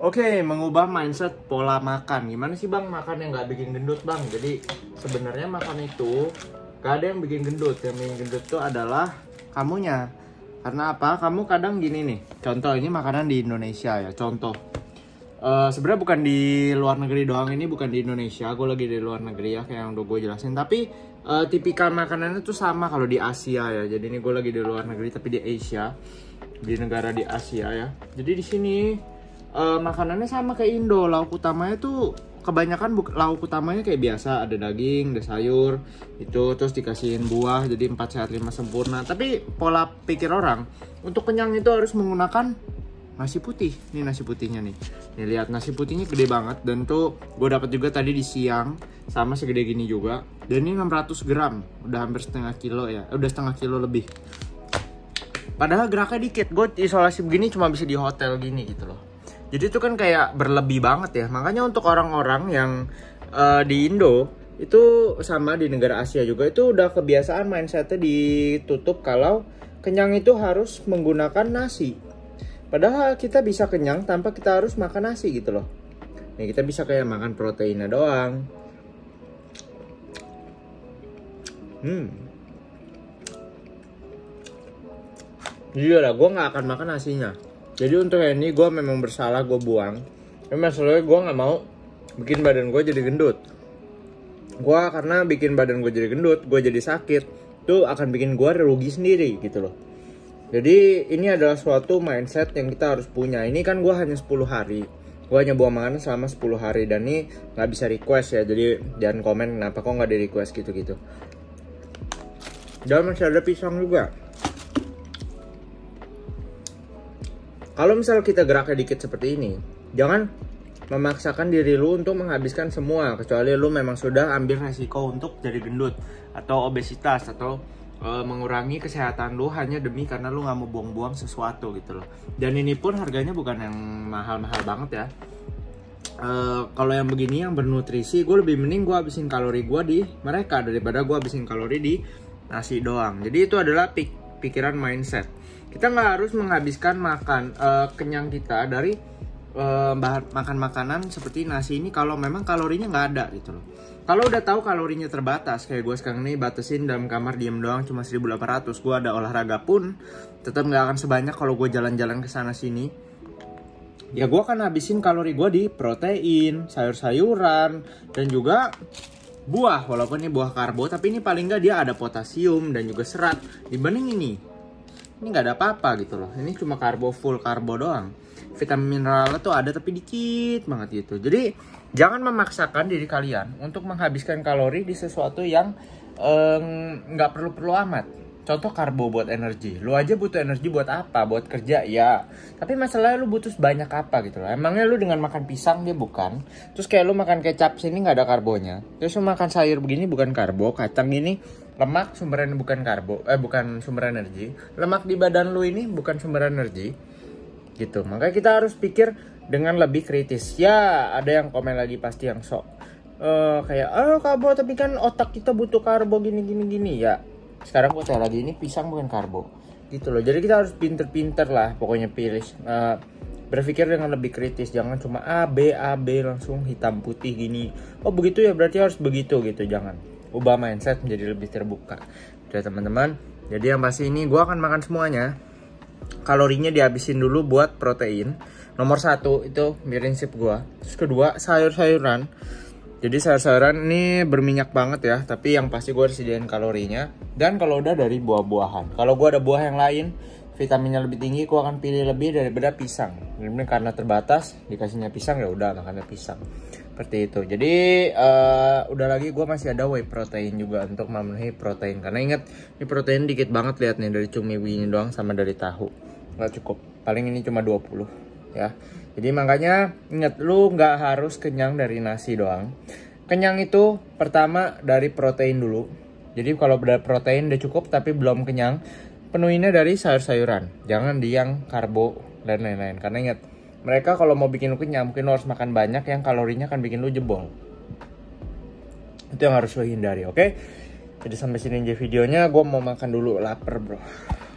Oke, okay, mengubah mindset pola makan. Gimana sih bang makan yang nggak bikin gendut bang? Jadi sebenarnya makan itu gak ada yang bikin gendut. Yang bikin gendut itu adalah kamunya. Karena apa? Kamu kadang gini nih. Contoh ini makanan di Indonesia ya. Contoh. Uh, sebenarnya bukan di luar negeri doang ini bukan di Indonesia gue lagi di luar negeri ya kayak yang udah gue jelasin tapi uh, tipikal makanannya tuh sama kalau di Asia ya jadi ini gue lagi di luar negeri tapi di Asia di negara di Asia ya jadi di sini uh, makanannya sama kayak Indo lauk utamanya tuh kebanyakan lauk utamanya kayak biasa ada daging ada sayur itu terus dikasihin buah jadi empat sehat lima sempurna tapi pola pikir orang untuk kenyang itu harus menggunakan nasi putih Ini nasi putihnya nih nih lihat nasi putihnya gede banget dan tuh gue dapat juga tadi di siang sama segede gini juga dan ini 600 gram udah hampir setengah kilo ya eh, udah setengah kilo lebih padahal geraknya dikit gue isolasi begini cuma bisa di hotel gini gitu loh jadi itu kan kayak berlebih banget ya. Makanya untuk orang-orang yang uh, di Indo itu sama di negara Asia juga itu udah kebiasaan mindsetnya ditutup kalau kenyang itu harus menggunakan nasi. Padahal kita bisa kenyang tanpa kita harus makan nasi gitu loh. Nah, kita bisa kayak makan proteinnya doang. Hmm. Iya lah, gue nggak akan makan nasinya jadi untuk ini gue memang bersalah gue buang tapi masalahnya gue nggak mau bikin badan gue jadi gendut gue karena bikin badan gue jadi gendut gue jadi sakit itu akan bikin gue rugi sendiri gitu loh jadi ini adalah suatu mindset yang kita harus punya ini kan gue hanya 10 hari gue hanya buang makanan selama 10 hari dan ini nggak bisa request ya jadi jangan komen kenapa kok nggak di request gitu gitu dan masih ada pisang juga Kalau misal kita geraknya dikit seperti ini, jangan memaksakan diri lu untuk menghabiskan semua kecuali lu memang sudah ambil resiko untuk jadi gendut atau obesitas atau e, mengurangi kesehatan lu hanya demi karena lu nggak mau buang-buang sesuatu gitu loh dan ini pun harganya bukan yang mahal-mahal banget ya e, kalau yang begini yang bernutrisi gue lebih mending gue habisin kalori gue di mereka daripada gue habisin kalori di nasi doang jadi itu adalah pick pikiran mindset. Kita nggak harus menghabiskan makan uh, kenyang kita dari uh, makan makanan seperti nasi ini kalau memang kalorinya nggak ada gitu loh. Kalau udah tahu kalorinya terbatas, kayak gue sekarang ini batasin dalam kamar diem doang cuma 1800. Gue ada olahraga pun tetap nggak akan sebanyak kalau gue jalan-jalan ke sana sini. Ya gue akan habisin kalori gue di protein, sayur-sayuran, dan juga buah walaupun ini buah karbo tapi ini paling nggak dia ada potasium dan juga serat dibanding ini ini nggak ada apa-apa gitu loh ini cuma karbo full karbo doang vitamin mineral tuh ada tapi dikit banget gitu jadi jangan memaksakan diri kalian untuk menghabiskan kalori di sesuatu yang eh, nggak um, perlu-perlu amat contoh karbo buat energi lu aja butuh energi buat apa buat kerja ya tapi masalahnya lu butuh banyak apa gitu loh emangnya lu dengan makan pisang dia bukan terus kayak lu makan kecap sini nggak ada karbonya terus lu makan sayur begini bukan karbo kacang ini lemak sumber bukan karbo eh bukan sumber energi lemak di badan lu ini bukan sumber energi gitu makanya kita harus pikir dengan lebih kritis ya ada yang komen lagi pasti yang sok uh, kayak oh karbo tapi kan otak kita butuh karbo gini gini gini ya sekarang gue tanya lagi ini pisang bukan karbo gitu loh jadi kita harus pinter-pinter lah pokoknya pilih uh, berpikir dengan lebih kritis jangan cuma A B A B langsung hitam putih gini oh begitu ya berarti harus begitu gitu jangan ubah mindset menjadi lebih terbuka gitu ya teman-teman jadi yang pasti ini gue akan makan semuanya kalorinya dihabisin dulu buat protein nomor satu itu prinsip gue terus kedua sayur-sayuran jadi sayur-sayuran ini berminyak banget ya, tapi yang pasti gue harus sediain kalorinya. Dan kalau udah dari buah-buahan. Kalau gue ada buah yang lain, vitaminnya lebih tinggi, gue akan pilih lebih daripada pisang. Ini karena terbatas, dikasihnya pisang ya udah makannya pisang. Seperti itu. Jadi uh, udah lagi gue masih ada whey protein juga untuk memenuhi protein. Karena inget, ini protein dikit banget lihat nih dari cumi ini doang sama dari tahu. Gak cukup. Paling ini cuma 20 ya jadi makanya ingat lu nggak harus kenyang dari nasi doang kenyang itu pertama dari protein dulu jadi kalau udah protein udah cukup tapi belum kenyang penuhinnya dari sayur-sayuran jangan di yang karbo dan lain-lain karena ingat mereka kalau mau bikin lu kenyang mungkin lu harus makan banyak yang kalorinya akan bikin lu jebol itu yang harus lo hindari oke okay? jadi sampai sini aja videonya gue mau makan dulu lapar bro